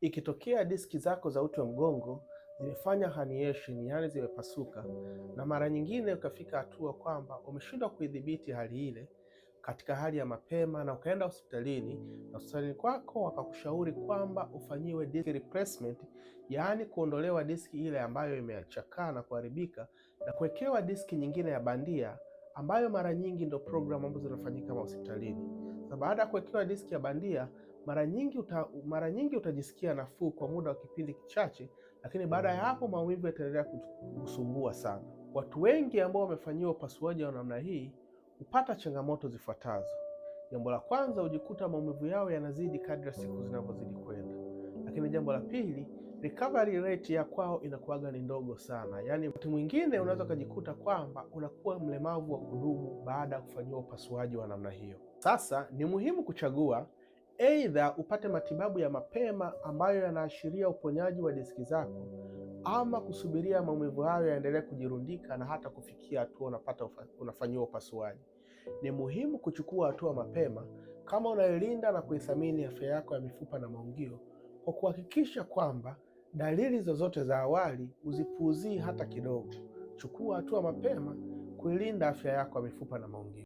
Ikitokea diski zako za uti wa mgongo zimefanya herniation, yani zimepasuka, na mara nyingine ukafika hatua kwamba umeshindwa kuidhibiti hali ile katika hali ya mapema, na ukaenda hospitalini na hospitalini kwako wakakushauri kwamba ufanyiwe disc replacement, yaani kuondolewa diski ile ambayo imechakaa na kuharibika na kuwekewa diski nyingine ya bandia ambayo mara nyingi ndo programu ambazo zinafanyika hospitalini. Baada ya kuwekewa diski ya bandia mara nyingi, uta, mara nyingi utajisikia nafuu kwa muda wa kipindi kichache, lakini baada ya hapo maumivu yataendelea kusumbua sana. Watu wengi ambao wamefanyiwa upasuaji wa namna hii hupata changamoto zifuatazo. Jambo la kwanza, hujikuta maumivu yao yanazidi kadri ya siku zinavyozidi kwenda. Lakini jambo la pili, recovery rate ya kwao inakuwaga ni ndogo sana, yaani wakati mwingine unaweza ukajikuta kwamba unakuwa mlemavu wa kudumu baada ya kufanyiwa upasuaji wa namna hiyo. Sasa ni muhimu kuchagua Aidha upate matibabu ya mapema ambayo yanaashiria uponyaji wa diski zako, ama kusubiria maumivu hayo yaendelee kujirundika na hata kufikia hatua unapata unafanyiwa upasuaji. Ni muhimu kuchukua hatua mapema kama unailinda na kuithamini afya yako ya mifupa na maungio, kwa kuhakikisha kwamba dalili zozote za awali uzipuuzii hata kidogo. Chukua hatua mapema kuilinda afya yako ya mifupa na maungio.